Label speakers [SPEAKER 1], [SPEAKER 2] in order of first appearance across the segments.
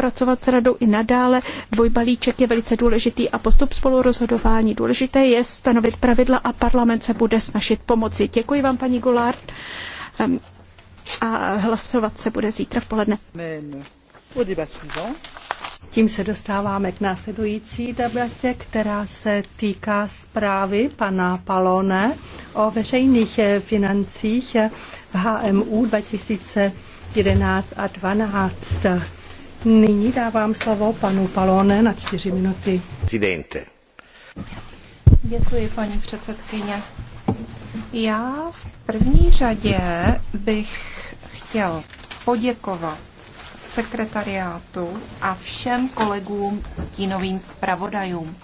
[SPEAKER 1] spolupracovat s radou i nadále. Dvojbalíček je velice důležitý a postup spolurozhodování. Důležité je stanovit pravidla a parlament se bude snažit pomoci. Děkuji vám, paní Goulart.
[SPEAKER 2] Ehm, a hlasovat se bude zítra v poledne. Tím se dostáváme k následující debatě, která se týká zprávy pana Palone o veřejných eh, financích eh, v HMU 2011 a 12. Nyní dávám slovo panu Palone na čtyři minuty. Presidente.
[SPEAKER 1] Děkuji, paní předsedkyně. Já v
[SPEAKER 2] první řadě
[SPEAKER 1] bych chtěl poděkovat sekretariátu a všem kolegům stínovým zpravodajům.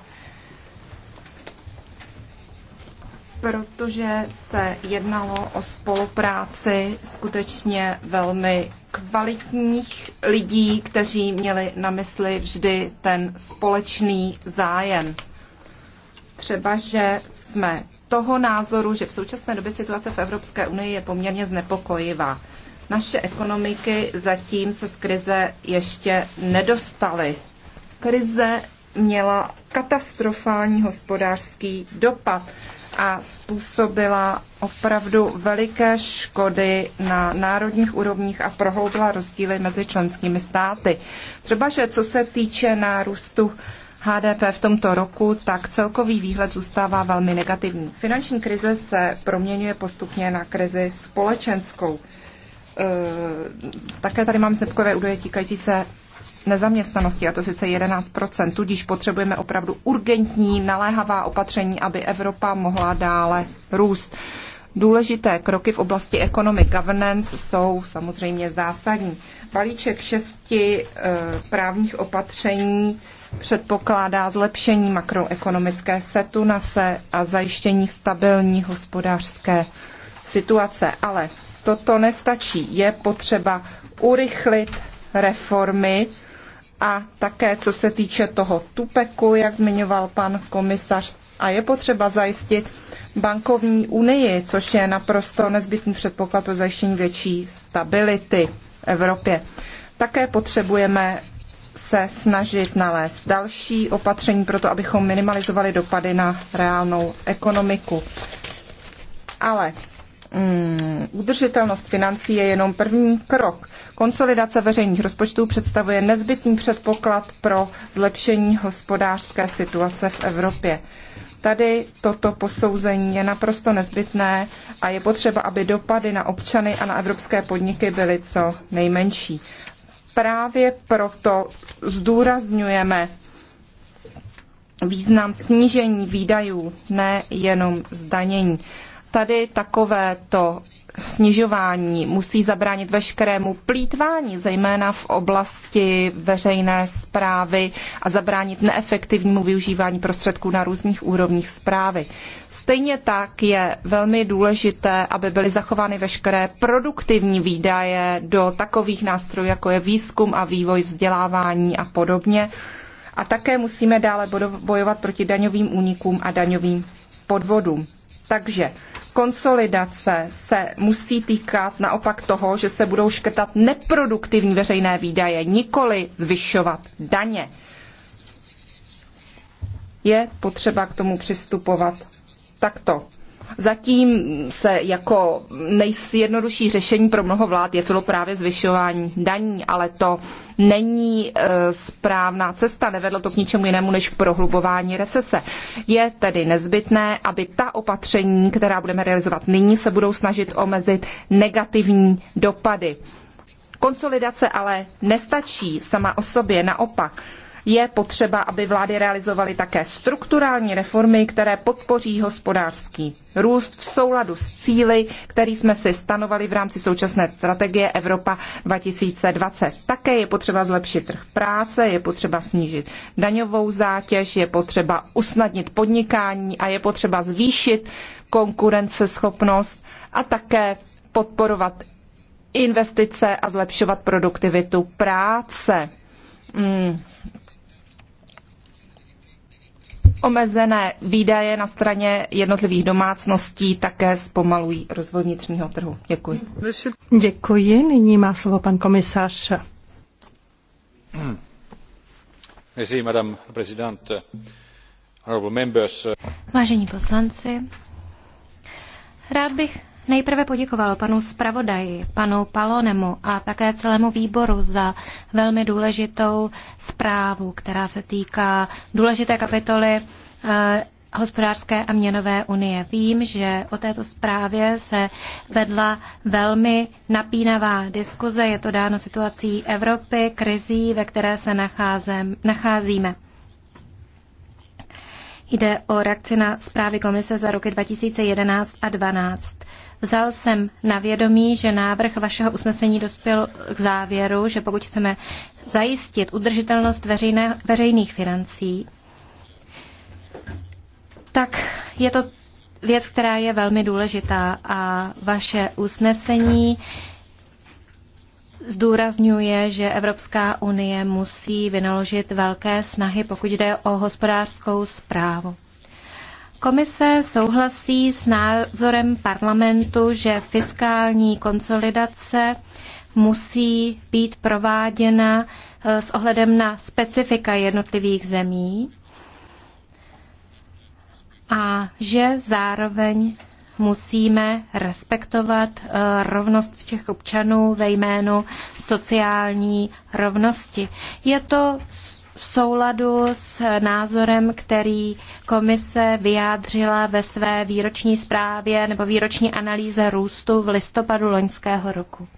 [SPEAKER 1] protože se jednalo o spolupráci skutečně velmi kvalitních lidí, kteří měli na mysli vždy ten společný zájem. Třeba, že jsme toho názoru, že v současné době situace v Evropské unii je poměrně znepokojivá. Naše ekonomiky zatím se z krize ještě nedostaly. Krize měla katastrofální hospodářský dopad a způsobila opravdu veliké škody na národních úrovních a prohloubila rozdíly mezi členskými státy. Třeba, že co se týče nárůstu HDP v tomto roku, tak celkový výhled zůstává velmi negativní. Finanční krize se proměňuje postupně na krizi společenskou. E, také tady mám znepokojivé údaje týkající se nezaměstnanosti, a to sice 11 tudíž potřebujeme opravdu urgentní, naléhavá opatření, aby Evropa mohla dále růst. Důležité kroky v oblasti economic governance jsou samozřejmě zásadní. Balíček šesti e, právních opatření předpokládá zlepšení makroekonomické setunace a zajištění stabilní hospodářské situace. Ale toto nestačí. Je potřeba urychlit reformy a také co se týče toho tupeku, jak zmiňoval pan komisař, a je potřeba zajistit bankovní unii, což je naprosto nezbytný předpoklad pro zajištění větší stability v Evropě. Také potřebujeme se snažit nalézt další opatření pro to, abychom minimalizovali dopady na reálnou ekonomiku. Ale Mm, udržitelnost financí je jenom první krok. Konsolidace veřejných rozpočtů představuje nezbytný předpoklad pro zlepšení hospodářské situace v Evropě. Tady toto posouzení je naprosto nezbytné a je potřeba, aby dopady na občany a na evropské podniky byly co nejmenší. Právě proto zdůrazňujeme význam snížení výdajů, ne jenom zdanění. Tady takovéto snižování musí zabránit veškerému plítvání, zejména v oblasti veřejné zprávy a zabránit neefektivnímu využívání prostředků na různých úrovních zprávy. Stejně tak je velmi důležité, aby byly zachovány veškeré produktivní výdaje do takových nástrojů, jako je výzkum a vývoj vzdělávání a podobně. A také musíme dále bojovat proti daňovým únikům a daňovým podvodům. Takže konsolidace se musí týkat naopak toho, že se budou škrtat neproduktivní veřejné výdaje, nikoli zvyšovat daně. Je potřeba k tomu přistupovat takto. Zatím se jako nejjednodušší řešení pro mnoho vlád je právě zvyšování daní, ale to není e, správná cesta, nevedlo to k ničemu jinému než k prohlubování recese. Je tedy nezbytné, aby ta opatření, která budeme realizovat nyní, se budou snažit omezit negativní dopady. Konsolidace ale nestačí sama o sobě, naopak je potřeba, aby vlády realizovaly také strukturální reformy, které podpoří hospodářský růst v souladu s cíly, který jsme si stanovali v rámci současné strategie Evropa 2020. Také je potřeba zlepšit trh práce, je potřeba snížit daňovou zátěž, je potřeba usnadnit podnikání a je potřeba zvýšit konkurenceschopnost a také podporovat investice a zlepšovat produktivitu práce. Mm. Omezené výdaje na straně jednotlivých domácností také zpomalují rozvoj vnitřního trhu. Děkuji.
[SPEAKER 2] Děkuji. Nyní má slovo pan komisař. Merci, madame présidente.
[SPEAKER 3] Vážení poslanci, rád bych nejprve poděkoval panu zpravodaji, panu Palonemu a také celému výboru za velmi důležitou zprávu, která se týká důležité kapitoly eh, hospodářské a měnové unie. Vím, že o této zprávě se vedla velmi napínavá diskuze. Je to dáno situací Evropy, krizí, ve které se nacházem, nacházíme. Jde o reakci na zprávy komise za roky 2011 a 2012. Vzal jsem na vědomí, že návrh vašeho usnesení dospěl k závěru, že pokud chceme zajistit udržitelnost veřejné, veřejných financí, tak je to věc, která je velmi důležitá a vaše usnesení zdůrazňuje, že Evropská unie musí vynaložit velké snahy, pokud jde o hospodářskou zprávu. Komise souhlasí s názorem parlamentu, že fiskální konsolidace musí být prováděna eh, s ohledem na specifika jednotlivých zemí a že zároveň musíme respektovat eh, rovnost všech občanů ve jménu sociální rovnosti. Je to v souladu s názorem, který komise vyjádřila ve své výroční zprávě nebo výroční analýze růstu v listopadu loňského roku.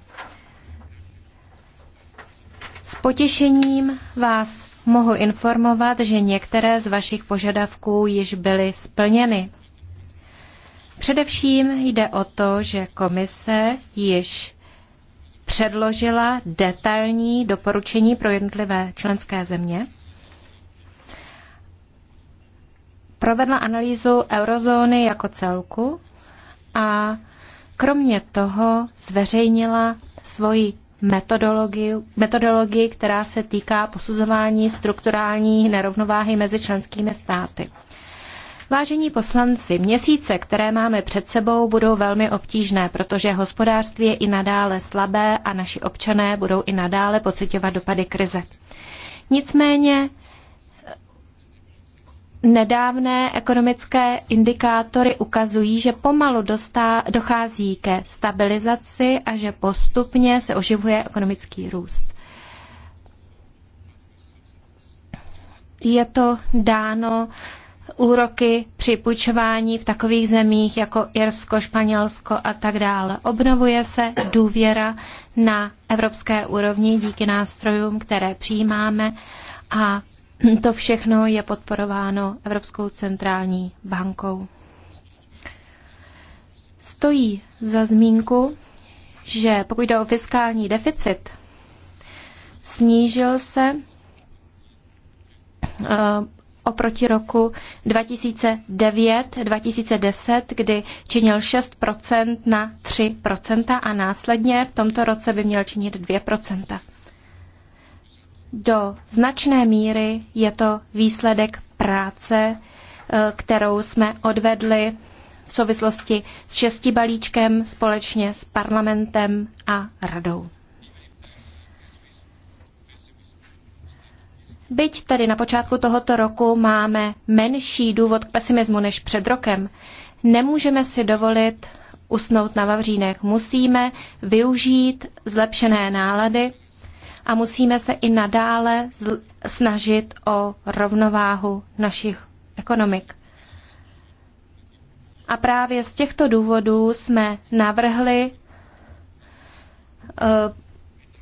[SPEAKER 3] S potěšením vás mohu informovat, že některé z vašich požadavků již byly splněny. Především jde o to, že komise již předložila detailní doporučení pro jednotlivé členské země. Provedla analýzu eurozóny jako celku a kromě toho zveřejnila svoji metodologii, metodologii která se týká posuzování strukturální nerovnováhy mezi členskými státy. Vážení poslanci, měsíce, které máme před sebou, budou velmi obtížné, protože hospodářství je i nadále slabé a naši občané budou i nadále pocitovat dopady krize. Nicméně Nedávné ekonomické indikátory ukazují, že pomalu dostá, dochází ke stabilizaci a že postupně se oživuje ekonomický růst. Je to dáno úroky při půjčování v takových zemích jako Irsko, Španělsko a tak dále. Obnovuje se důvěra na evropské úrovni díky nástrojům, které přijímáme a to všechno je podporováno Evropskou centrální bankou. Stojí za zmínku, že pokud jde o fiskální deficit, snížil se eh, oproti roku 2009-2010, kdy činil 6% na 3% a následně v tomto roce by měl činit 2%. Do značné míry je to výsledek práce, eh, kterou jsme odvedli v souvislosti s šesti balíčkem společně s parlamentem a radou. Byť tedy na počátku tohoto roku máme menší důvod k pesimismu než před rokem, nemůžeme si dovolit usnout na vavřínek. Musíme využít zlepšené nálady a musíme se i nadále snažit o rovnováhu našich ekonomik. A právě z těchto důvodů jsme navrhli eh,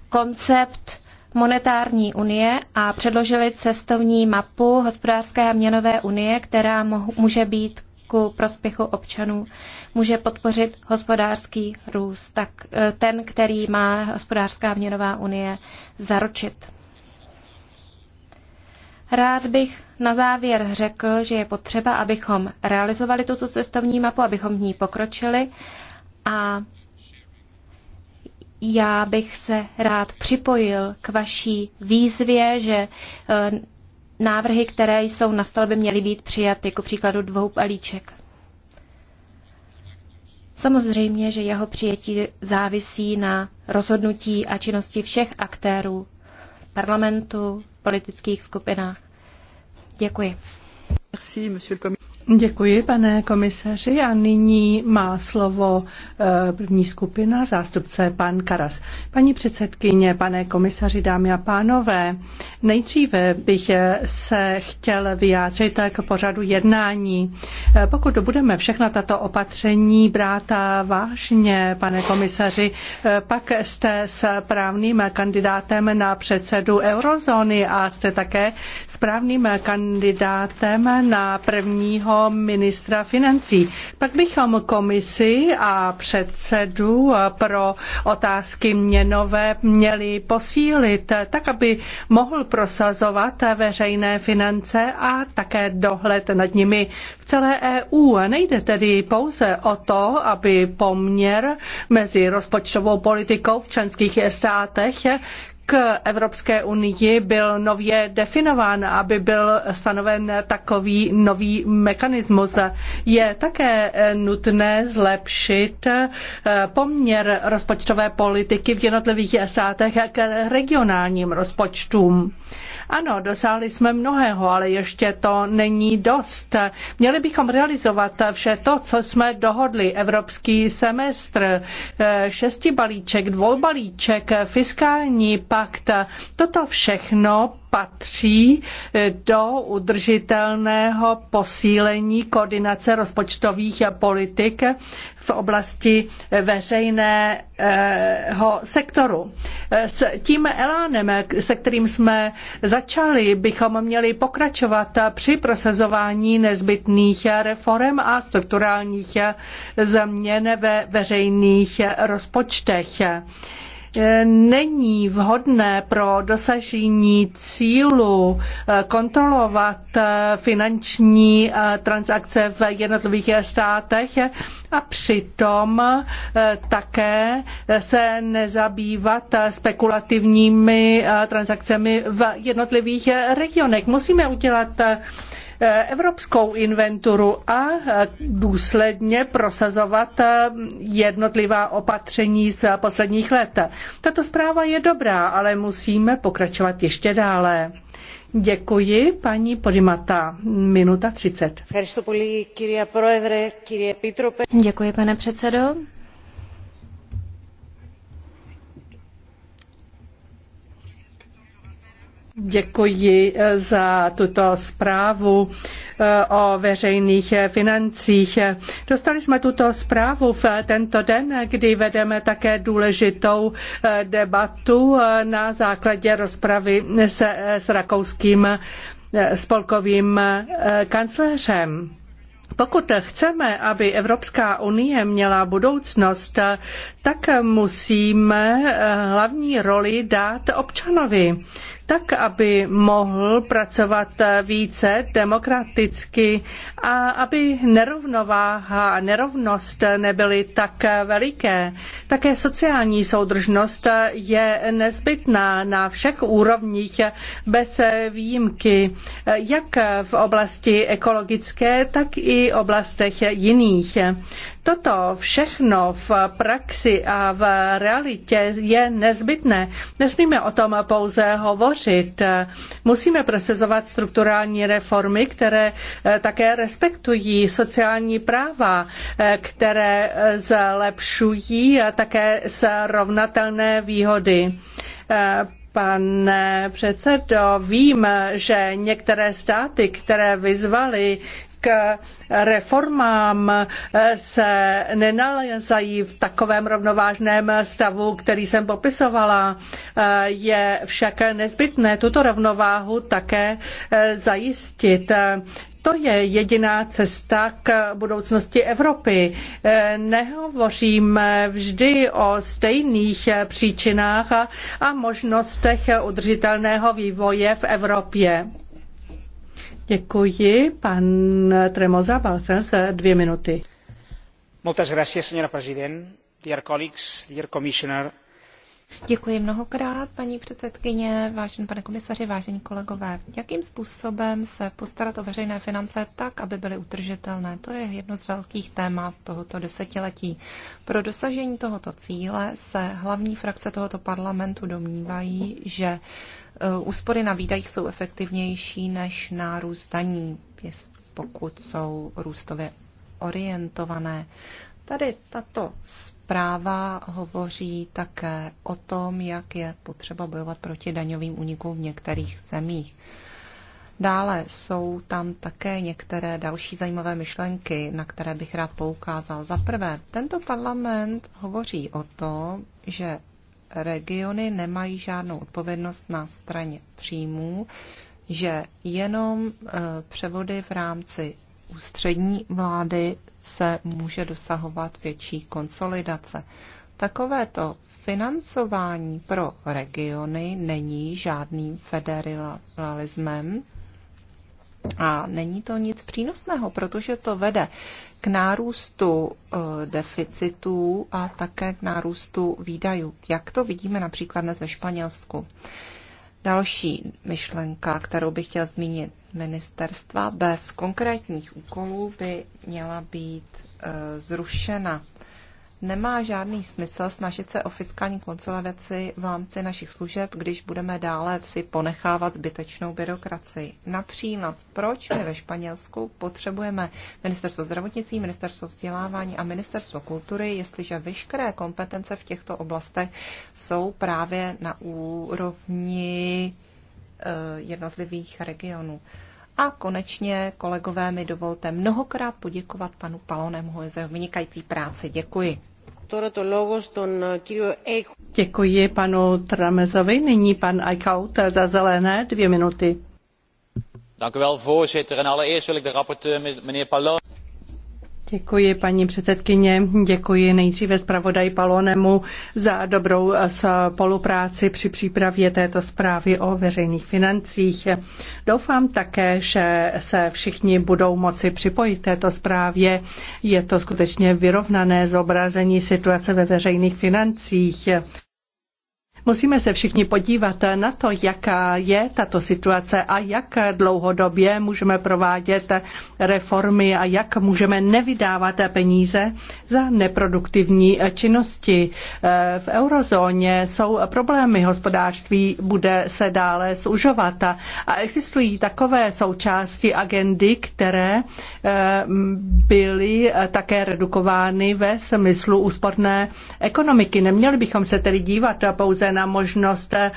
[SPEAKER 3] koncept monetární unie a předložili cestovní mapu hospodářské a měnové unie, která může být ku prospěchu občanů může podpořit hospodářský růst, tak e, ten, který má hospodářská měnová unie zaručit. Rád bych na závěr řekl, že je potřeba, abychom realizovali tuto cestovní mapu, abychom v ní pokročili a já bych se rád připojil k vaší výzvě, že eh, návrhy, které jsou na stole, by měly být přijaty, ku příkladu dvou palíček. Samozřejmě, že jeho přijetí závisí na rozhodnutí a činnosti všech aktérů parlamentu,
[SPEAKER 2] politických skupinách. Děkuji. Merci, Děkuji, pane komisaři. A nyní má slovo eh, první skupina, zástupce pan Karas. Paní předsedkyně, pane komisaři, dámy a pánové, nejdříve bych eh, se chtěl vyjádřit k pořadu jednání. Eh, pokud budeme všechna tato opatření brát vážně, pane komisaři, pak jste správným kandidátem na předsedu eurozóny a jste také správným kandidátem na prvního nového ministra financí. Pak bychom komisi a předsedu pro otázky měnové měli posílit, tak aby mohl prosazovat veřejné finance a také dohled nad nimi v celé EU. Nejde tedy pouze o to, aby poměr mezi rozpočtovou politikou v členských státech k Evropské unii byl nově definován, aby byl stanoven takový nový mechanismus. Je také eh, nutné zlepšit eh, poměr rozpočtové politiky v jednotlivých státech k regionálním rozpočtům. Ano, dosáhli jsme mnohého, ale ještě to není dost. Měli bychom realizovat vše to, co jsme dohodli. Evropský semestr, eh, šesti balíček, dvou balíček, fiskální pakt. Toto všechno patří eh, do udržitelného posílení koordinace rozpočtových politik v oblasti veřejného eh, sektoru. Eh, s tím elánem, se kterým jsme začali, bychom měli pokračovat při prosazování nezbytných reform a strukturálních změn ve veřejných rozpočtech. E, není vhodné pro dosažení cílu e, kontrolovat e, finanční transakce v jednotlivých státech a přitom také se nezabývat spekulativními transakcemi v jednotlivých regionech. Musíme udělat evropskou inventuru a důsledně prosazovat jednotlivá opatření z posledních let. Tato zpráva je dobrá, ale musíme pokračovat ještě dále. Děkuji, paní Podimata. Minuta 30. Děkuji, pane předsedo, Děkuji eh, za tuto zprávu eh, o veřejných eh, financích. Dostali jsme tuto zprávu v tento den, kdy vedeme také důležitou debatu na základě rozpravy s, s rakouským spolkovým kancléřem. Pokud chceme, aby Evropská unie měla budoucnost, tak musíme hlavní roli dát občanovi tak aby mohl pracovat více demokraticky a aby nerovnováha a nerovnost nebyly tak veliké. Také sociální soudržnost je nezbytná na všech úrovních bez výjimky, jak v oblasti ekologické, tak i oblastech jiných. Toto všechno v praxi a v realitě je nezbytné. Nesmíme o tom pouze hovořit, podpořit. Musíme prosazovat strukturální reformy, které eh, také respektují sociální práva, eh, které zlepšují eh, také srovnatelné výhody pane předsedo, vím, že některé státy, které vyzvaly k reformám se nenalezají v takovém rovnovážném stavu, který jsem popisovala. Je však nezbytné tuto rovnováhu také zajistit to je jediná cesta k budoucnosti Evropy. Nehovoříme vždy o stejných příčinách a možnostech udržitelného vývoje v Evropě. Děkuji. Pan Tremoza Balsen se dvě minuty.
[SPEAKER 4] Moltes gràcies, senyora president, dear colleagues, dear commissioner.
[SPEAKER 1] Děkuji mnohokrát, paní předsedkyně, vážený pane komisaři, vážení kolegové. Jakým způsobem se postarat o veřejné finance tak, aby byly utržitelné? To je jedno z velkých témat tohoto desetiletí. Pro dosažení tohoto cíle se hlavní frakce tohoto parlamentu domnívají, že eh, úspory na výdajích jsou efektivnější než nárůst daní, pokud jsou růstově orientované. Tady tato zpráva hovoří také o tom, jak je potřeba bojovat proti daňovým únikům v některých zemích. Dále jsou tam také některé další zajímavé myšlenky, na které bych rád poukázal. Za prvé, tento parlament hovoří o tom, že regiony nemají žádnou odpovědnost na straně příjmů, že jenom eh, převody v rámci ústřední vlády se může dosahovat větší konsolidace. Takovéto financování pro regiony není žádným federalismem a není to nic přínosného, protože to vede k nárůstu eh, deficitů a také k nárůstu výdajů, jak to vidíme například dnes ve Španělsku. Další myšlenka, kterou bych chtěl zmínit, ministerstva bez konkrétních úkolů by měla být eh, zrušena nemá žádný smysl snažit se o fiskální konsolidaci v rámci našich služeb, když budeme dále si ponechávat zbytečnou byrokracii. Například, proč my ve Španělsku potřebujeme ministerstvo zdravotnictví, ministerstvo vzdělávání a ministerstvo kultury, jestliže veškeré kompetence v těchto oblastech jsou právě na úrovni eh, jednotlivých regionů. A konečně, kolegové, mi dovolte mnohokrát poděkovat
[SPEAKER 2] panu Palonemu za vynikající práci. Děkuji. Děkuji panu Tramezovi. Nyní pan Eichhout za zelené dvě minuty.
[SPEAKER 1] Dank u wel, voorzitter. En allereerst wil ik de rapporteur, meneer Palone...
[SPEAKER 2] Děkuji, paní předsedkyně. Děkuji nejdříve zpravodaj Palonemu za dobrou eh, spolupráci při přípravě této zprávy o veřejných financích. Doufám také, že se všichni budou moci připojit této zprávě. Je to skutečně vyrovnané zobrazení situace ve veřejných financích. Musíme se všichni podívat na to, jaká je tato situace a jak dlouhodobě můžeme provádět reformy a jak můžeme nevydávat peníze za neproduktivní činnosti. V eurozóně jsou problémy, hospodářství bude se dále zužovat a existují takové součásti agendy, které eh, byly také redukovány ve smyslu úsporné ekonomiky. Neměli bychom se tedy dívat pouze na možnost eh,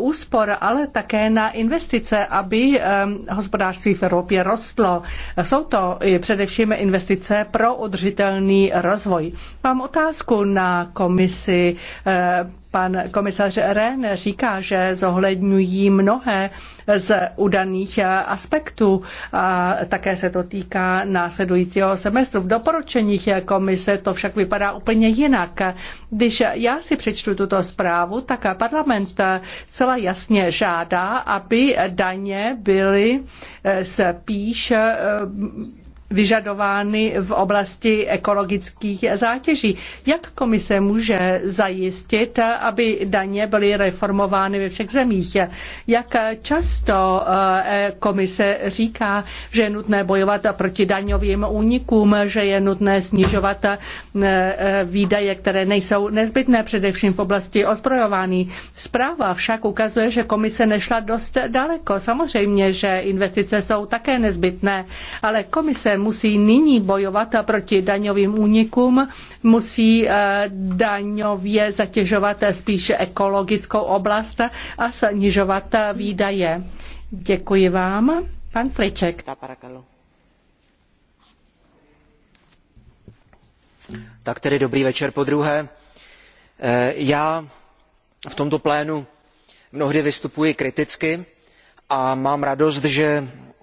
[SPEAKER 2] úspor, ale také na investice, aby eh, hospodářství v Evropě rostlo. Jsou to především investice pro udržitelný rozvoj. Mám otázku na komisi eh, Pan komisař Ren říká, že zohledňují mnohé z udaných aspektů. A také se to týká následujícího semestru. V doporučeních komise to však vypadá úplně jinak. Když já si přečtu tuto zprávu, tak parlament celá jasně žádá, aby daně byly spíš vyžadovány v oblasti ekologických zátěží. Jak komise může zajistit, aby daně byly reformovány ve všech zemích? Jak často eh, komise říká, že je nutné bojovat proti daňovým únikům, že je nutné snižovat eh, eh, výdaje, které nejsou nezbytné, především v oblasti ozbrojování. Zpráva však ukazuje, že komise nešla dost daleko. Samozřejmě, že investice jsou také nezbytné, ale komise musí nyní bojovat proti daňovým únikům, musí eh, daňově zatěžovat spíše ekologickou oblast a snižovat výdaje. Děkuji vám. Pan Fliček.
[SPEAKER 4] Tak tedy dobrý večer po druhé. Eh, já v tomto plénu mnohdy vystupuji kriticky a mám radost že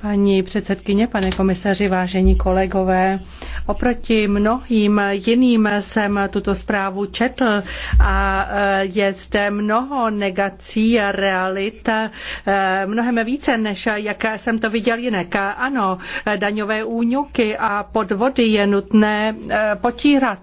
[SPEAKER 2] Paní předsedkyně, pane komisaři, vážení kolegové, oproti mnohým jiným jsem tuto zprávu četl a eh, je zde mnoho negací a realit, eh, mnohem více, než jak jsem to viděl jinak. Ano, daňové úňuky a podvody je nutné eh, potírat.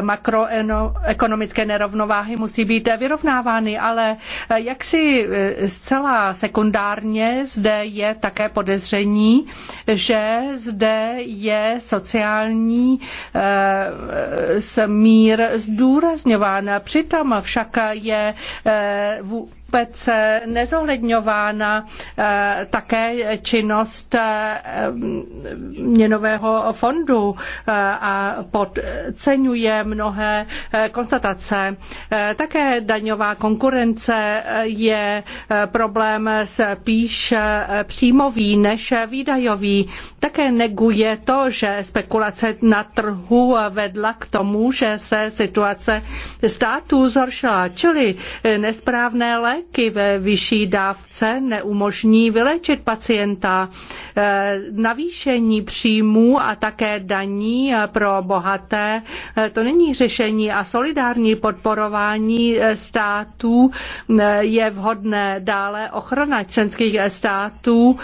[SPEAKER 2] Makroekonomické nerovnováhy musí být vyrovnávány, ale jaksi zcela sekundárně zde je také podezření, že zde je sociální eh, smír zdůrazňován. Přitom však je eh, vůbec nezohledňována eh, také činnost eh, měnového fondu eh, a podceňuje mnohé konstatace. Také daňová konkurence je problém spíš příjmový než výdajový také neguje to, že spekulace na trhu vedla k tomu, že se situace států zhoršila, čili eh, nesprávné léky ve vyšší dávce neumožní vyléčit pacienta. Eh, navýšení příjmů a také daní eh, pro bohaté, to není řešení a solidární podporování států je vhodné. Dále ochrana členských států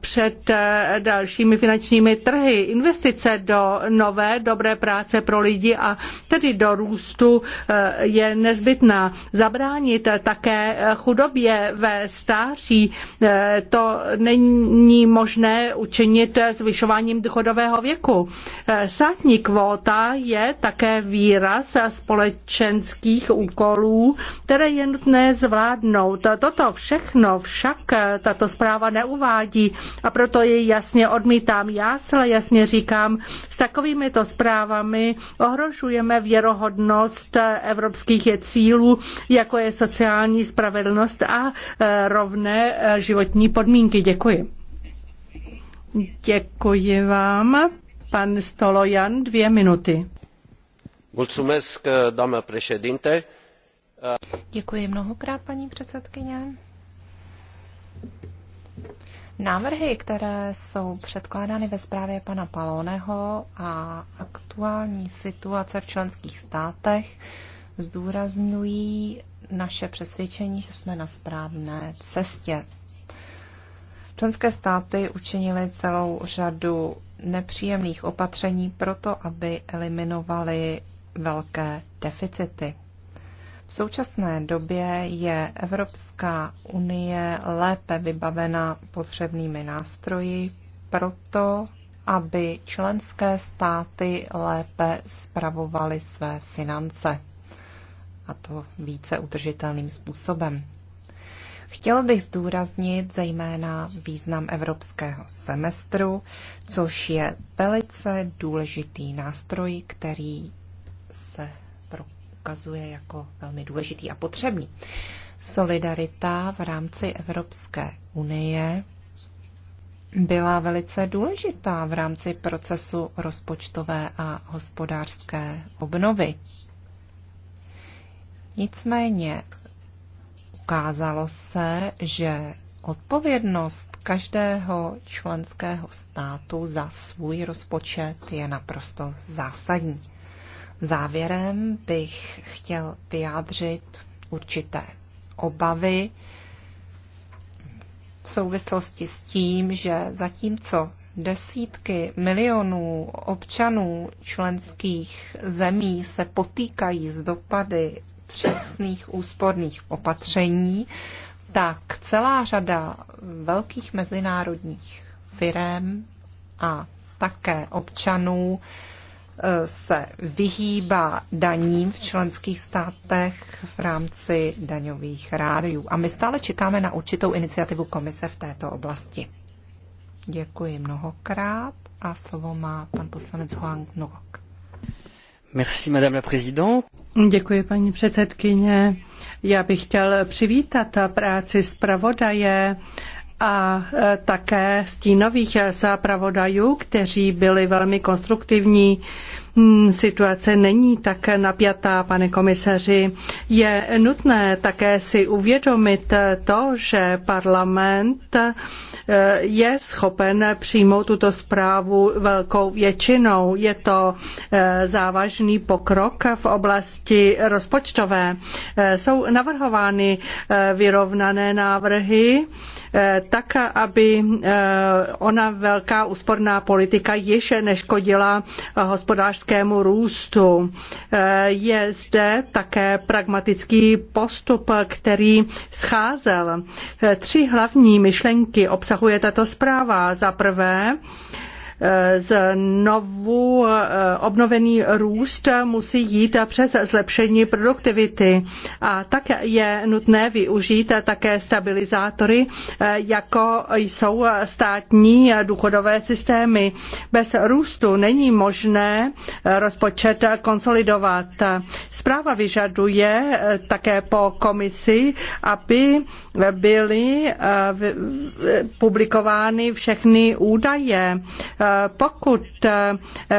[SPEAKER 2] před dalšími mezinárodními finančními trhy, investice do nové dobré práce pro lidi a tedy do růstu eh, je nezbytná. Zabránit také chudobě ve stáří, eh, to není možné učinit zvyšováním důchodového věku. Eh, státní kvóta je také výraz společenských úkolů, které je nutné zvládnout. Toto všechno však tato zpráva neuvádí a proto je jasně odmítá odmítám. Já zcela jasně říkám, s takovými to zprávami ohrožujeme věrohodnost evropských cílů, jako je sociální spravedlnost a e, rovné e, životní podmínky. Děkuji. Děkuji vám. Pan Stolojan, dvě minuty.
[SPEAKER 4] Mulțumesc, dame președinte.
[SPEAKER 2] Děkuji mnohokrát, paní
[SPEAKER 1] předsedkyně. Návrhy, které jsou předkládány ve zprávě pana Paloneho a aktuální situace v členských státech zdůrazňují naše přesvědčení, že jsme na správné cestě. Členské státy učinily celou řadu nepříjemných opatření proto, aby eliminovali velké deficity. V současné době je Evropská unie lépe vybavena potřebnými nástroji proto, aby členské státy lépe spravovaly své finance a to více udržitelným způsobem. Chtěl bych zdůraznit zejména význam evropského semestru, což je velice důležitý nástroj, který se pro ukazuje jako velmi důležitý a potřebný. Solidarita v rámci Evropské unie byla velice důležitá v rámci procesu rozpočtové a hospodářské obnovy. Nicméně ukázalo se, že odpovědnost každého členského státu za svůj rozpočet je naprosto zásadní. Závěrem bych chtěl vyjádřit určité obavy v souvislosti s tím, že zatímco desítky milionů občanů členských zemí se potýkají s dopady přísných úsporných opatření, tak celá řada velkých mezinárodních firm a také občanů se vyhýbá daním v členských státech v rámci daňových rádiů. A my stále čekáme na určitou iniciativu komise v této oblasti. Děkuji mnohokrát a slovo má pan poslanec Huang Nok.
[SPEAKER 4] Merci, madame la présidente.
[SPEAKER 2] Děkuji, paní předsedkyně. Já bych chtěl přivítat práci zpravodaje a e, také stínových e, zpravodajů, kteří byli velmi konstruktivní. Hmm, situace není tak napjatá, pane komisaři. Je nutné také si uvědomit to, že parlament eh, je schopen přijmout tuto zprávu velkou většinou. Je to eh, závažný pokrok v oblasti rozpočtové. Eh, jsou navrhovány vyrovnané návrhy tak, aby ona velká úsporná politika již neškodila hospodářské hospodářskému růstu. Eh, je zde také pragmatický postup, který scházel. Eh, tři hlavní myšlenky obsahuje tato zpráva. Za prvé, znovu eh, obnovený růst musí jít přes zlepšení produktivity. A tak je nutné využít také stabilizátory, eh, jako jsou státní důchodové systémy. Bez růstu není možné eh, rozpočet konsolidovat. Zpráva vyžaduje také po komisi, aby byly publikovány všechny údaje pokud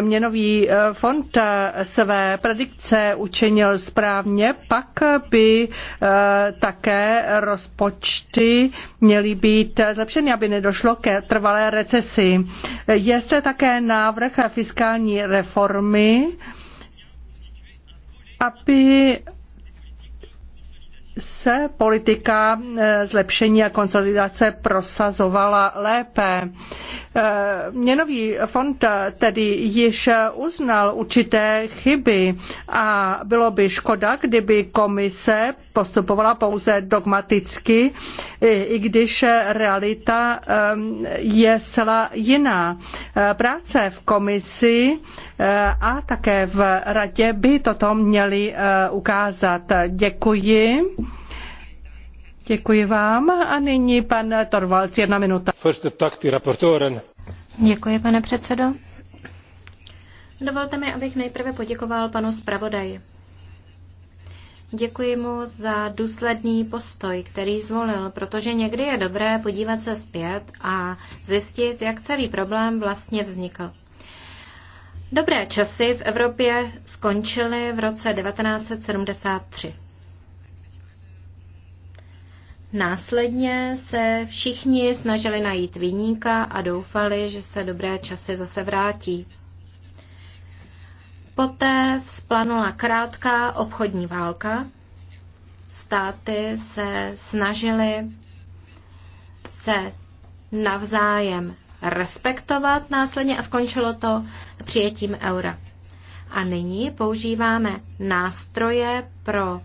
[SPEAKER 2] měnový fond své predikce učinil správně, pak by také rozpočty měly být zlepšeny, aby nedošlo ke trvalé recesi. Je se také návrh fiskální reformy, aby se politika eh, zlepšení a konsolidace prosazovala lépe. Eh, měnový fond tedy již uznal určité chyby a bylo by škoda, kdyby komise postupovala pouze dogmaticky, i když realita eh, je zcela jiná. Práce v komisi a také v radě by toto měly ukázat. Děkuji. Děkuji vám a nyní pan Torvalds, jedna minuta.
[SPEAKER 3] Děkuji, pane předsedo. Dovolte mi, abych nejprve poděkoval panu zpravodaji. Děkuji mu za důsledný postoj, který zvolil, protože někdy je dobré podívat se zpět a zjistit, jak celý problém vlastně vznikl. Dobré časy v Evropě skončily v roce 1973. Následně se všichni snažili najít viníka a doufali, že se dobré časy zase vrátí. Poté vzplanula krátká obchodní válka. Státy se snažily se navzájem respektovat následně a skončilo to přijetím eura. A nyní používáme nástroje pro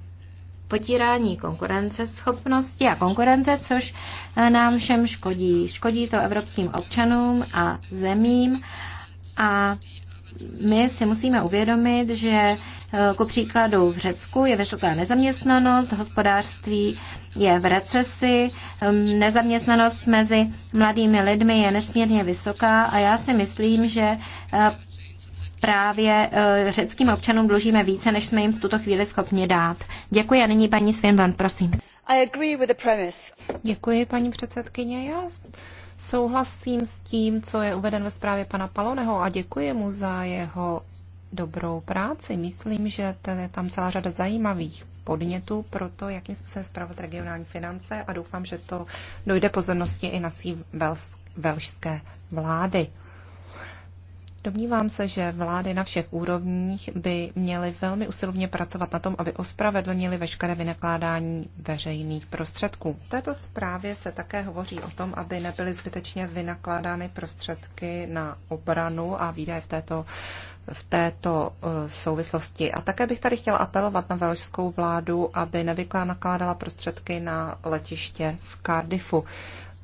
[SPEAKER 3] potírání konkurence schopnosti a konkurence, což eh, nám všem škodí. Škodí to evropským občanům a zemím a my si musíme uvědomit, že eh, ku příkladu v Řecku je vysoká nezaměstnanost, hospodářství je v recesi, ehm, nezaměstnanost mezi mladými lidmi je nesmírně vysoká a já si myslím, že eh, právě eh, řeckým občanům dlužíme více, než jsme jim v tuto chvíli schopni dát. Děkuji a nyní paní Svinban, prosím.
[SPEAKER 2] I agree
[SPEAKER 1] with the premise. Děkuji, paní předsedkyně. Já souhlasím s tím, co je uveden ve zprávě pana Paloneho a děkuji mu za jeho dobrou práci. Myslím, že je tam celá řada zajímavých podnětů pro to, jakým způsobem zpravovat regionální finance a doufám, že to dojde pozornosti i na sí velské vlády. Domnívám se, že vlády na všech úrovních by měly velmi usilovně pracovat na tom, aby ospravedlnili veškeré vynakládání veřejných prostředků. V této zprávě se také hovoří o tom, aby nebyly zbytečně vynakládány prostředky na obranu a výdaje v této v této eh, souvislosti. A také bych tady chtěla apelovat na velšskou vládu, aby nevykládala prostředky na letiště v Cardiffu.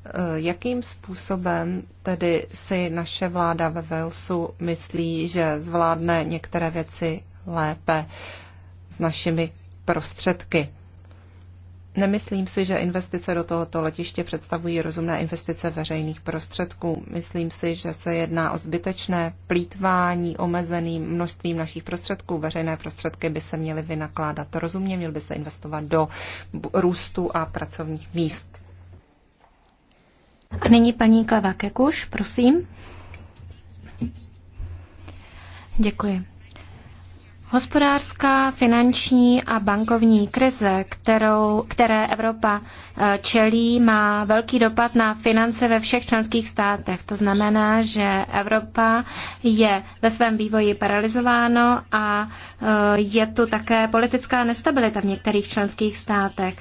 [SPEAKER 1] Eh, jakým způsobem tedy si naše vláda ve Walesu myslí, že zvládne některé věci lépe s našimi prostředky. Nemyslím si, že investice do tohoto letiště představují rozumné investice veřejných prostředků. Myslím si, že se jedná o zbytečné plítvání omezeným množstvím našich prostředků. Veřejné prostředky by se měly vynakládat rozumně, měly by se investovat do růstu a pracovních
[SPEAKER 3] míst. A nyní paní Klava Kekuš, prosím. Děkuji. Hospodářská, finanční a bankovní krize, kterou, které Evropa eh, čelí, má velký dopad na finance ve všech členských státech. To znamená, že Evropa je ve svém vývoji paralizováno a eh, je tu také politická nestabilita v některých členských státech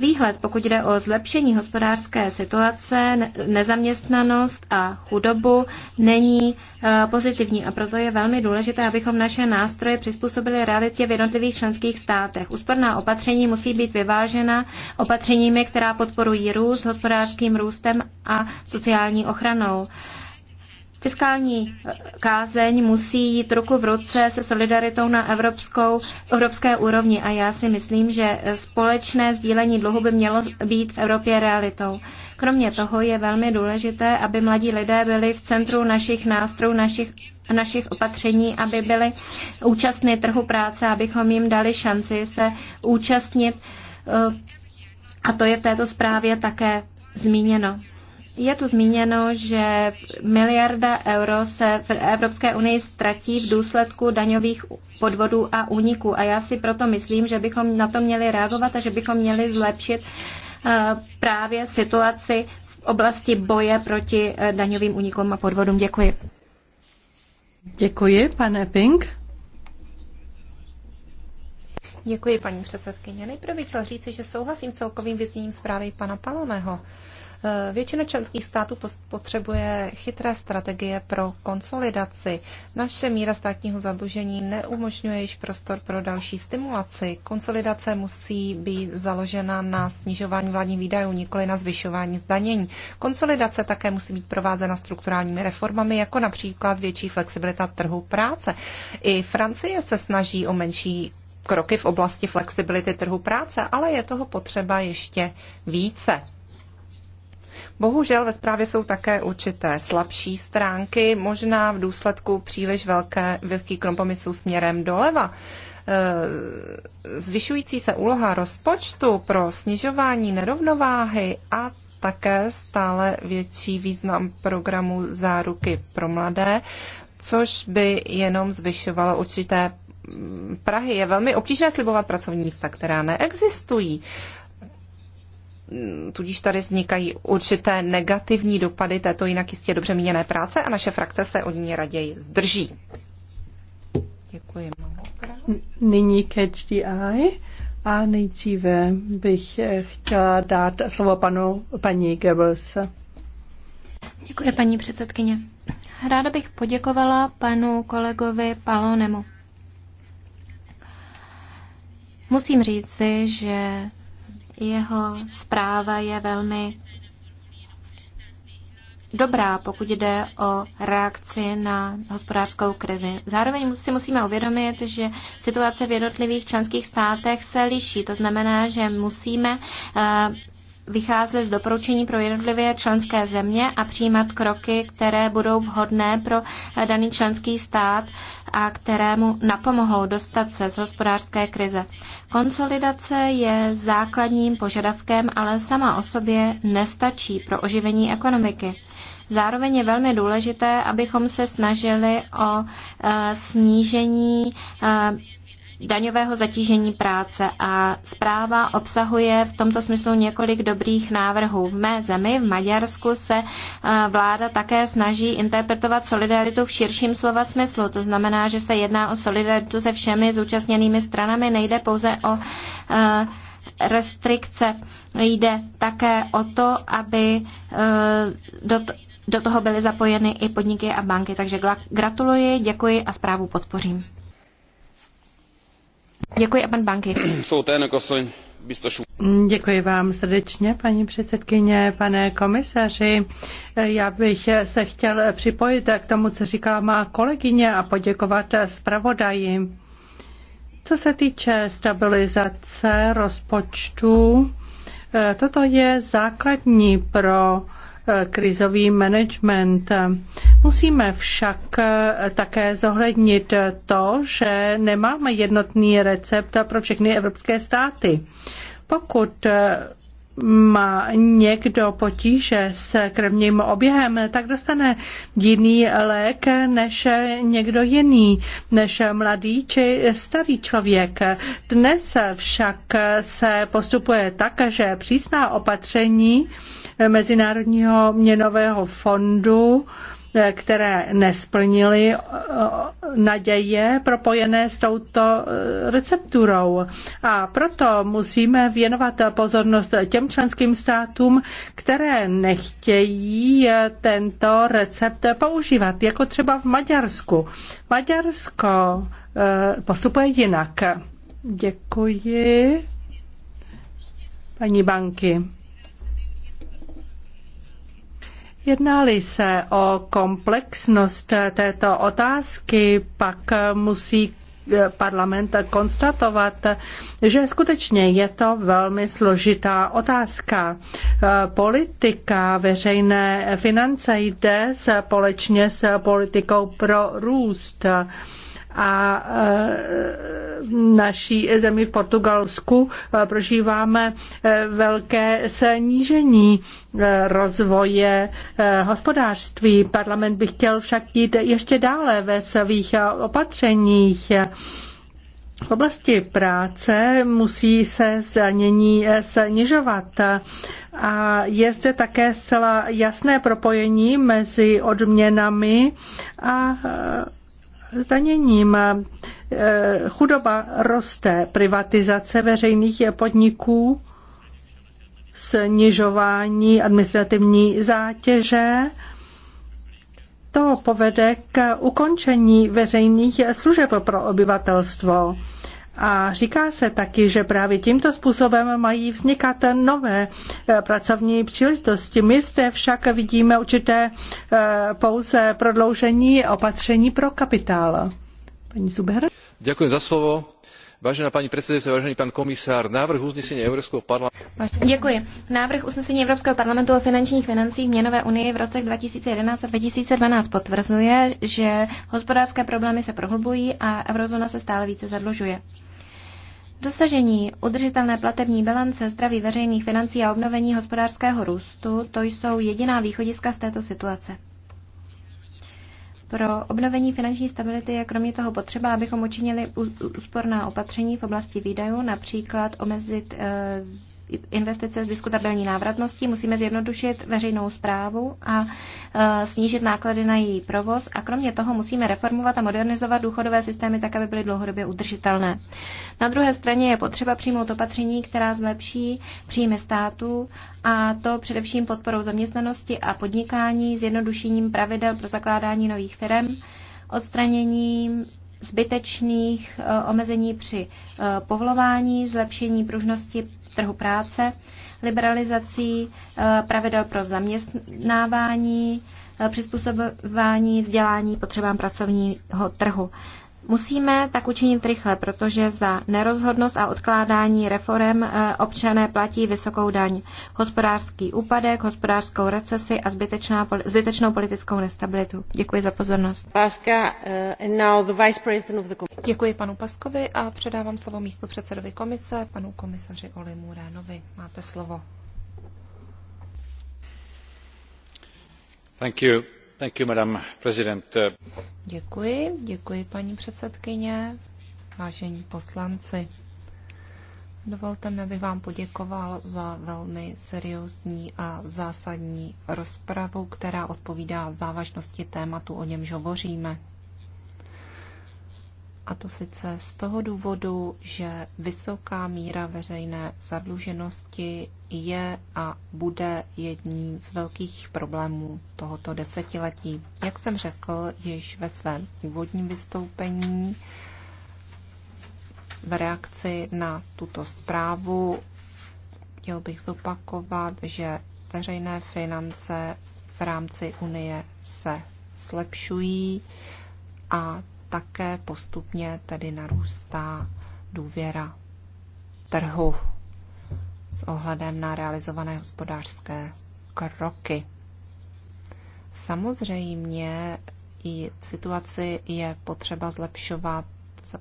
[SPEAKER 3] výhled, pokud jde o zlepšení hospodářské situace, nezaměstnanost a chudobu, není eh, pozitivní a proto je velmi důležité, abychom naše nástroje přizpůsobili realitě v jednotlivých členských státech. Úsporná opatření musí být vyvážena opatřeními, která podporují růst, hospodářským růstem a sociální ochranou. Fiskální eh, kázeň musí jít ruku v ruce se solidaritou na evropskou, evropské úrovni a já si myslím, že eh, společné sdílení dluhu by mělo být v Evropě realitou. Kromě toho je velmi důležité, aby mladí lidé byli v centru našich nástrojů, našich našich opatření, aby byli účastní trhu práce, abychom jim dali šanci se účastnit. Eh, a to je v této zprávě také zmíněno. Je tu zmíněno, že miliarda euro se v Evropské unii ztratí v důsledku daňových podvodů a úniků. A já si proto myslím, že bychom na to měli reagovat a že bychom měli zlepšit eh, právě situaci v oblasti boje proti eh, daňovým únikům a podvodům. Děkuji.
[SPEAKER 2] Děkuji, pane Pink.
[SPEAKER 1] Děkuji, paní předsedkyně. Nejprve bych chtěl říci, že souhlasím s celkovým vyzněním zprávy pana Palomeho. Eh, většina členských států potřebuje chytré strategie pro konsolidaci. Naše míra státního zadlužení neumožňuje již prostor pro další stimulaci. Konsolidace musí být založena na snižování vládních výdajů, nikoli na zvyšování zdanění. Konsolidace také musí být provázena strukturálními reformami, jako například větší flexibilita trhu práce. I Francie se snaží o menší kroky v oblasti flexibility trhu práce, ale je toho potřeba ještě více. Bohužel ve zprávě jsou také určité slabší stránky, možná v důsledku příliš velké, velký kompromisu směrem doleva. E, zvyšující se úloha rozpočtu pro snižování nerovnováhy a také stále větší význam programu záruky pro mladé, což by jenom zvyšovalo určité Prahy je velmi obtížné slibovat pracovní místa, která neexistují tudíž tady vznikají určité negativní dopady této jinak jistě dobře míněné práce a naše frakce se od ní raději zdrží.
[SPEAKER 2] Děkuji. Nyní ke HDI A nejdříve bych eh, chtěla dát slovo panu, paní Goebbels.
[SPEAKER 3] Děkuji, paní předsedkyně. Ráda bych poděkovala panu kolegovi Palonemu. Musím říci, že jeho zpráva je velmi dobrá, pokud jde o reakci na hospodářskou krizi. Zároveň si musíme uvědomit, že situace v jednotlivých členských státech se liší. To znamená, že musíme eh, vycházet z doporučení pro jednotlivé členské země a přijímat kroky, které budou vhodné pro eh, daný členský stát a kterému napomohou dostat se z hospodářské krize. Konsolidace je základním požadavkem, ale sama o sobě nestačí pro oživení ekonomiky. Zároveň je velmi důležité, abychom se snažili o eh, snížení eh, daňového zatížení práce a zpráva obsahuje v tomto smyslu několik dobrých návrhů. V mé zemi, v Maďarsku, se eh, vláda také snaží interpretovat solidaritu v širším slova smyslu. To znamená, že se jedná o solidaritu se všemi zúčastněnými stranami, nejde pouze o eh, restrikce. Jde také o to, aby eh, do, do toho byly zapojeny i podniky a banky. Takže gratuluji, děkuji a zprávu podpořím.
[SPEAKER 2] Děkuji a pan Banky. Jako Děkuji vám srdečně, paní předsedkyně, pane komisaři. Já bych se chtěl připojit k tomu, co říkala má kolegyně a poděkovat zpravodaji. Co se týče stabilizace rozpočtu, eh, toto je základní pro krizový management. Musíme však eh, také zohlednit to, že nemáme jednotný recept pro všechny evropské státy. Pokud eh, má někdo potíže s krevním oběhem, tak dostane jiný lék než někdo jiný, než mladý či starý člověk. Dnes však se postupuje tak, že přísná opatření Mezinárodního měnového fondu které nesplnily naděje propojené s touto e, recepturou. A proto musíme věnovat pozornost těm členským státům, které nechtějí e, tento recept používat, jako třeba v Maďarsku. Maďarsko e, postupuje jinak. Děkuji. Paní banky. Jedná-li se o komplexnost této otázky, pak musí eh, parlament konstatovat, že skutečně je to velmi složitá otázka. Eh, politika veřejné finance jde společně s politikou pro růst a e, naší zemi v Portugalsku e, prožíváme e, velké snížení rozvoje hospodářství. Parlament by chtěl však jít ještě dále ve svých opatřeních. V oblasti práce musí se zdanění snižovat a je zde také zcela jasné propojení mezi odměnami a zdaněním. Eh, chudoba roste, privatizace veřejných podniků, snižování administrativní zátěže, to povede k ukončení veřejných služeb pro obyvatelstvo. A říká se taky, že právě tímto způsobem mají vznikat nové eh, pracovní příležitosti. My zde však vidíme určité eh, pouze prodloužení opatření pro kapitál. Paní Zuber.
[SPEAKER 3] Děkuji za slovo. Vážená paní předsedající, vážený pan komisár, návrh usnesení Evropského parlamentu. Děkuji. Návrh usnesení Evropského parlamentu o finančních financích měnové unie v roce 2011 a 2012 potvrzuje, že hospodářské problémy se prohlubují a eurozóna se stále více zadlužuje. Dosažení udržitelné platební bilance, zdraví veřejných financí a obnovení hospodářského růstu, to jsou jediná východiska z této situace. Pro obnovení finanční stability je kromě toho potřeba, abychom učinili úsporná opatření v oblasti výdajů, například omezit eh, investice s diskutabilní návratností, musíme zjednodušit veřejnou zprávu a e, snížit náklady na její provoz a kromě toho musíme reformovat a modernizovat důchodové systémy tak, aby byly dlouhodobě udržitelné. Na druhé straně je potřeba přijmout opatření, která zlepší příjmy státu a to především podporou zaměstnanosti a podnikání, zjednodušením pravidel pro zakládání nových firm, odstraněním zbytečných e, omezení při e, povolování, zlepšení pružnosti trhu práce, liberalizací eh, pravidel pro zaměstnávání, eh, přizpůsobování vzdělání potřebám pracovního trhu. Musíme tak učinit rychle, protože za nerozhodnost a odkládání reform eh, občané platí vysokou daň, hospodářský úpadek, hospodářskou recesi a zbytečnou politickou nestabilitu. Děkuji za pozornost.
[SPEAKER 2] Paska, uh, now the vice president of the...
[SPEAKER 1] Děkuji panu Paskovi a předávám slovo místu předsedovi komise, panu komisaři Oli Muránovi. Máte slovo. Thank you. Děkuji, děkuji paní předsedkyně, vážení poslanci. Dovolte mi, abych vám poděkoval za velmi seriózní a zásadní rozpravu, která odpovídá závažnosti tématu, o němž hovoříme. A to sice z toho důvodu, že vysoká míra veřejné zadluženosti je a bude jedním z velkých problémů tohoto desetiletí. Jak jsem řekl již ve svém úvodním vystoupení, v reakci na tuto zprávu chtěl bych zopakovat, že veřejné finance v rámci Unie se zlepšují a také postupně tedy narůstá důvěra trhu s ohledem na realizované hospodářské kroky. Samozřejmě i situaci je potřeba zlepšovat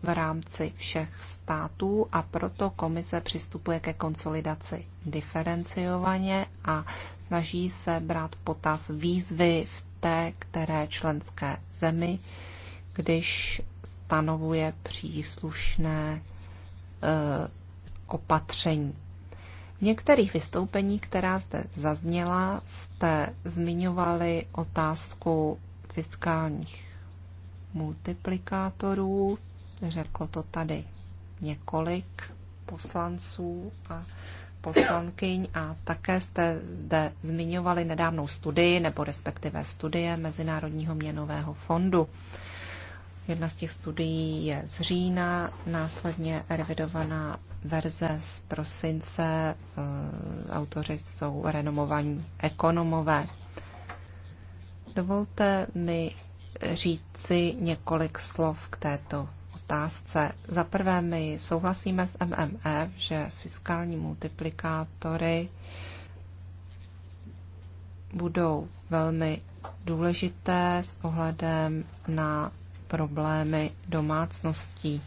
[SPEAKER 1] v rámci všech států a proto komise přistupuje ke konsolidaci diferenciovaně a snaží se brát v potaz výzvy v té které členské zemi když stanovuje příslušné eh, opatření. V některých vystoupení, která zde zazněla, jste zmiňovali otázku fiskálních multiplikátorů. Řeklo to tady několik poslanců a poslankyň a také jste zde zmiňovali nedávnou studii nebo respektive studie Mezinárodního měnového fondu. Jedna z těch studií je z října, následně revidovaná verze z prosince. Eh, autoři jsou renomovaní ekonomové. Dovolte mi říci několik slov k této otázce. Za prvé, my souhlasíme s MMF, e, že fiskální multiplikátory budou velmi důležité s ohledem na problémy domácností.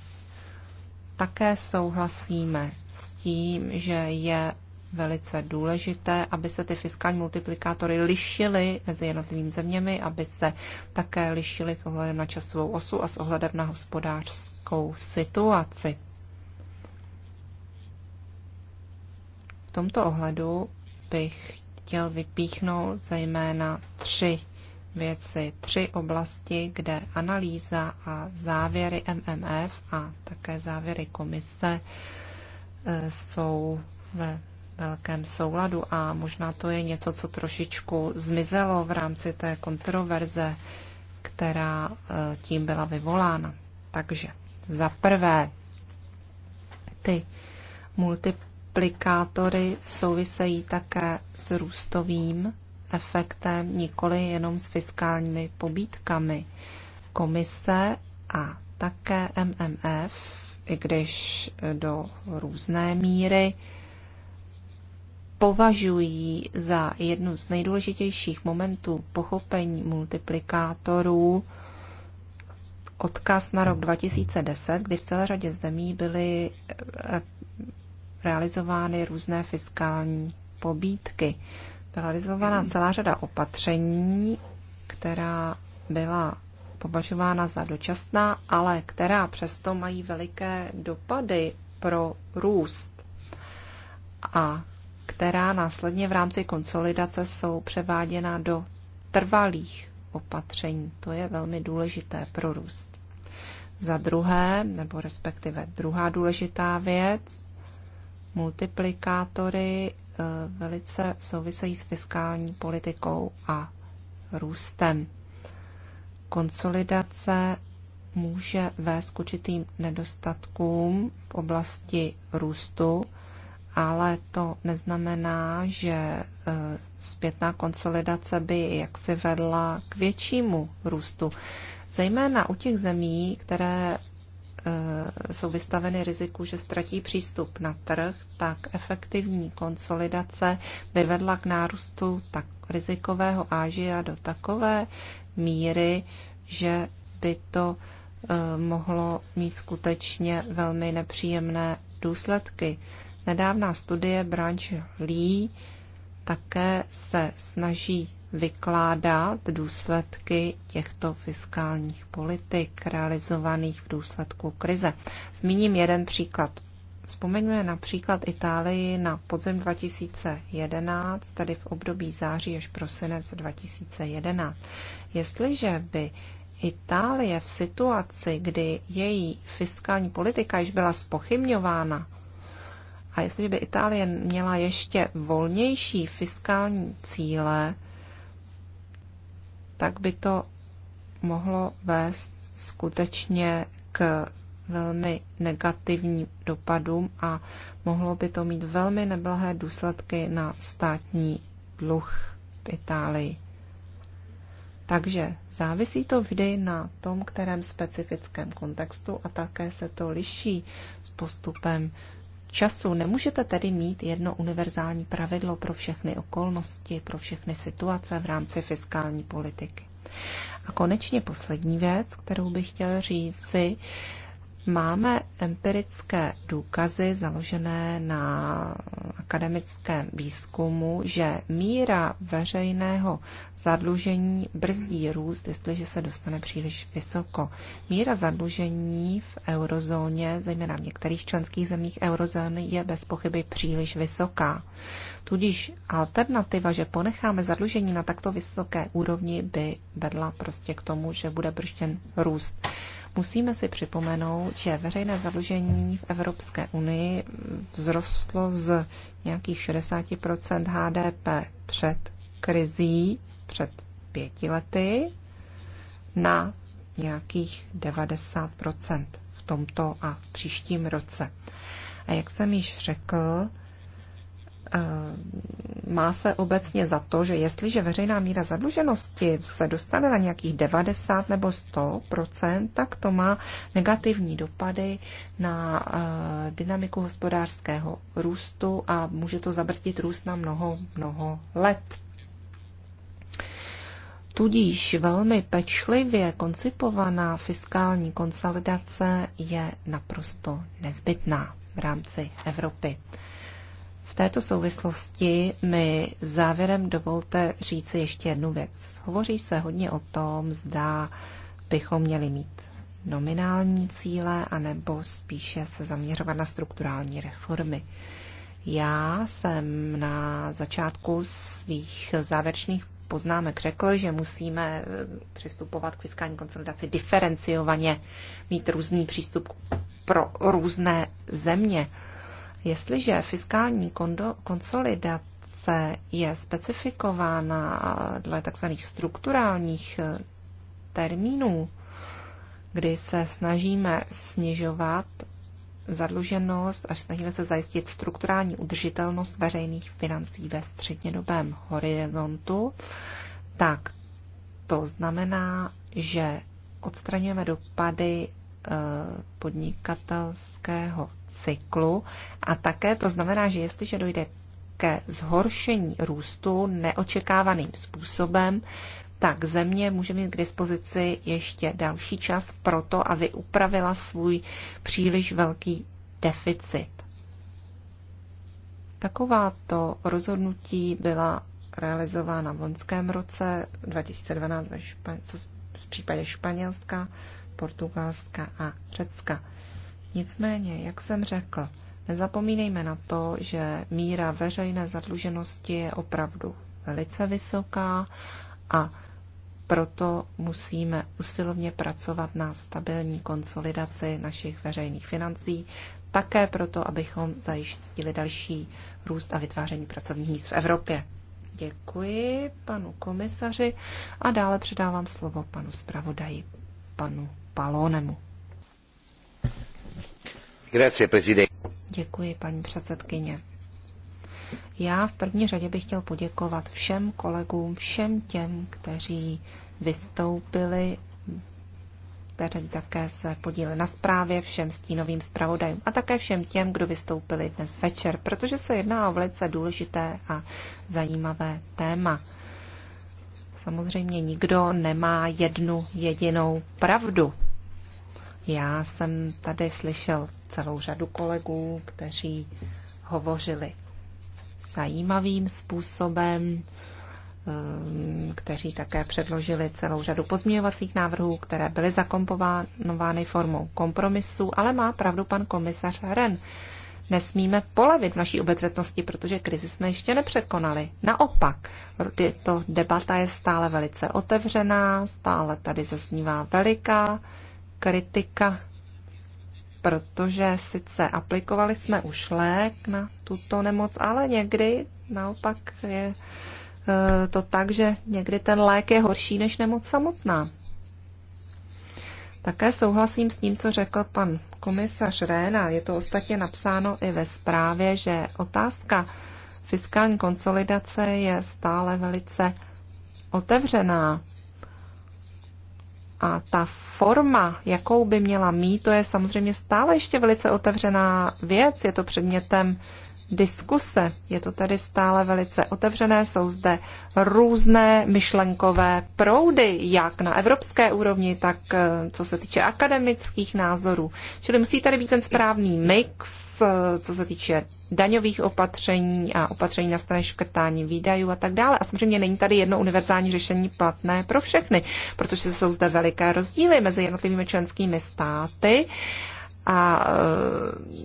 [SPEAKER 1] Také souhlasíme s tím, že je velice důležité, aby se ty fiskální multiplikátory lišily mezi jednotlivými zeměmi, aby se také lišily s ohledem na časovou osu a s ohledem na hospodářskou situaci. V tomto ohledu bych chtěl vypíchnout zejména tři věci, tři oblasti, kde analýza a závěry MMF a také závěry komise e, jsou ve velkém souladu a možná to je něco, co trošičku zmizelo v rámci té kontroverze, která e, tím byla vyvolána. Takže za prvé, ty multiplikátory souvisejí také s růstovým efektem, nikoli jenom s fiskálními pobídkami. Komise a také MMF, i když do různé míry, považují za jednu z nejdůležitějších momentů pochopení multiplikátorů odkaz na rok 2010, kdy v celé řadě zemí byly eh, realizovány různé fiskální pobídky byla vyzvována celá řada opatření, která byla považována za dočasná, ale která přesto mají veliké dopady pro růst a která následně v rámci konsolidace jsou převáděna do trvalých opatření. To je velmi důležité pro růst. Za druhé, nebo respektive druhá důležitá věc, multiplikátory Eh, velice souvisejí s fiskální politikou a růstem. Konsolidace může vést k určitým nedostatkům v oblasti růstu, ale to neznamená, že eh, zpětná konsolidace by jaksi vedla k většímu růstu. Zejména u těch zemí, které Eh, jsou vystaveny riziku, že ztratí přístup na trh, tak efektivní konsolidace by vedla k nárůstu tak rizikového ážia do takové míry, že by to eh, mohlo mít skutečně velmi nepříjemné důsledky. Nedávná studie Branch Lee také se snaží vykládat důsledky těchto fiskálních politik realizovaných v důsledku krize. Zmíním jeden příklad. Vzpomeňme například Itálii na podzem 2011, tedy v období září až prosinec 2011. Jestliže by Itálie v situaci, kdy její fiskální politika již byla spochybňována, a jestliže by Itálie měla ještě volnější fiskální cíle, tak by to mohlo vést skutečně k velmi negativním dopadům a mohlo by to mít velmi neblahé důsledky na státní dluh v Itálii. Takže závisí to vždy na tom, kterém specifickém kontextu a také se to liší s postupem času. Nemůžete tedy mít jedno univerzální pravidlo pro všechny okolnosti, pro všechny situace v rámci fiskální politiky. A konečně poslední věc, kterou bych chtěl říci, Máme empirické důkazy založené na akademickém výzkumu, že míra veřejného zadlužení brzdí růst, jestliže se dostane příliš vysoko. Míra zadlužení v eurozóně, zejména v některých členských zemích eurozóny, je bez pochyby příliš vysoká. Tudíž alternativa, že ponecháme zadlužení na takto vysoké úrovni, by vedla prostě k tomu, že bude bržděn růst. Musíme si připomenout, že veřejné zadlužení v Evropské unii vzrostlo z nějakých 60 HDP před krizí, před pěti lety, na nějakých 90 v tomto a v příštím roce. A jak jsem již řekl, má se obecně za to, že jestliže veřejná míra zadluženosti se dostane na nějakých 90 nebo 100 tak to má negativní dopady na eh, dynamiku hospodářského růstu a může to zabrzdit růst na mnoho, mnoho let. Tudíž velmi pečlivě koncipovaná fiskální konsolidace je naprosto nezbytná v rámci Evropy. V této souvislosti mi závěrem dovolte říci ještě jednu věc. Hovoří se hodně o tom, zda bychom měli mít nominální cíle, anebo spíše se zaměřovat na strukturální reformy. Já jsem na začátku svých závěrečných poznámek řekl, že musíme eh, přistupovat k fiskální konsolidaci diferenciovaně, mít různý přístup pro různé země. Jestliže fiskální kondo, konsolidace je specifikována dle tzv. strukturálních eh, termínů, kdy se snažíme snižovat zadluženost a snažíme se zajistit strukturální udržitelnost veřejných financí ve střednědobém horizontu, tak to znamená, že odstraňujeme dopady podnikatelského cyklu. A také to znamená, že jestliže dojde ke zhoršení růstu neočekávaným způsobem, tak země může mít k dispozici ještě další čas pro to, aby upravila svůj příliš velký deficit. Takováto rozhodnutí byla realizována v loňském roce 2012 ve Špa- co v případě Španělska, Portugalska a Řecka. Nicméně, jak jsem řekl, nezapomínejme na to, že míra veřejné zadluženosti je opravdu velice vysoká a proto musíme usilovně pracovat na stabilní konsolidaci našich veřejných financí, také proto, abychom zajistili další růst a vytváření pracovních míst v Evropě. Děkuji panu komisaři a dále předávám slovo panu zpravodaji, panu Palonemu. Děkuji, paní předsedkyně. Já v první řadě bych chtěl poděkovat všem kolegům, všem těm, kteří vystoupili, kteří také se podíleli na zprávě, všem stínovým zpravodajům a také všem těm, kdo vystoupili dnes večer, protože se jedná o velice důležité a zajímavé téma. Samozřejmě nikdo nemá jednu jedinou pravdu. Já jsem tady slyšel celou řadu kolegů, kteří hovořili zajímavým způsobem, ehm, kteří také předložili celou řadu pozměňovacích návrhů, které byly zakompovány formou kompromisu, ale má pravdu pan komisař Hren? nesmíme polevit v naší obezřetnosti, protože krizi jsme ještě nepřekonali. Naopak, je to debata je stále velice otevřená, stále tady zaznívá veliká kritika, protože sice aplikovali jsme už lék na tuto nemoc, ale někdy naopak je e, to tak, že někdy ten lék je horší než nemoc samotná. Také souhlasím s tím, co řekl pan komisař Réna, je to ostatně napsáno i ve zprávě, že otázka fiskální konsolidace je stále velice otevřená. A ta forma, jakou by měla mít, to je samozřejmě stále ještě velice otevřená věc. Je to předmětem diskuse. Je to tady stále velice otevřené, jsou zde různé myšlenkové proudy, jak na evropské úrovni, tak eh, co se týče akademických názorů. Čili musí tady být ten správný mix, eh, co se týče daňových opatření a opatření na straně škrtání výdajů a tak dále. A samozřejmě není tady jedno univerzální řešení platné pro všechny, protože jsou zde veliké rozdíly mezi jednotlivými členskými státy a eh,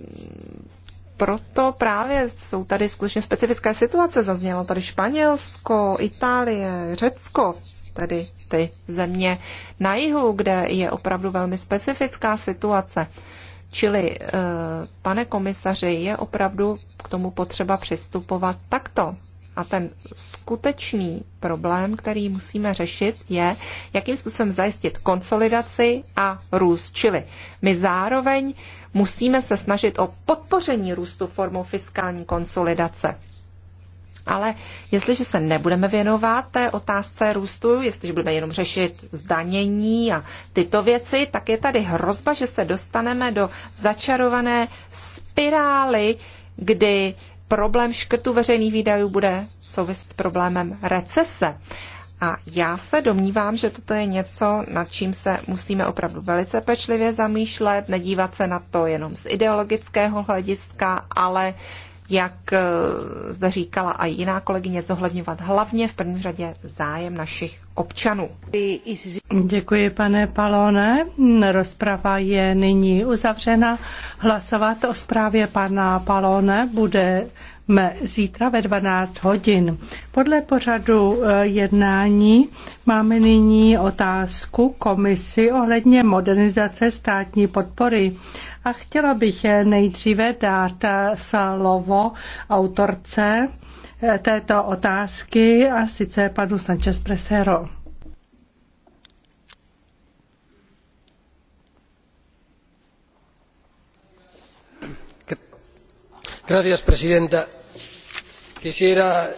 [SPEAKER 1] proto právě jsou tady skutečně specifické situace. Zaznělo tady Španělsko, Itálie, Řecko, tedy ty země na jihu, kde je opravdu velmi specifická situace. Čili, eh, pane komisaři, je opravdu k tomu potřeba přistupovat takto. A ten skutečný problém, který musíme řešit, je, jakým způsobem zajistit konsolidaci a růst. Čili my zároveň musíme se snažit o podpoření růstu formou fiskální konsolidace. Ale jestliže se nebudeme věnovat té otázce růstu, jestliže budeme jenom řešit zdanění a tyto věci, tak je tady hrozba, že se dostaneme do začarované spirály, kdy problém škrtu veřejných výdajů bude souviset s problémem recese. A já se domnívám, že toto je něco, nad čím se musíme opravdu velice pečlivě zamýšlet, nedívat se na to jenom z ideologického hlediska, ale jak eh, zde říkala a jiná kolegyně, zohledňovat hlavně v první řadě zájem našich občanů.
[SPEAKER 2] Děkuji, pane Palone. Rozprava je nyní uzavřena. Hlasovat o zprávě pana Palone bude Mé zítra ve 12 hodin. Podle pořadu e, jednání máme nyní otázku komisi ohledně modernizace státní podpory. A chtěla bych nejdříve dát e, slovo autorce e, této otázky a sice panu Sanchez Presero.
[SPEAKER 4] Gracias, presidenta quisiera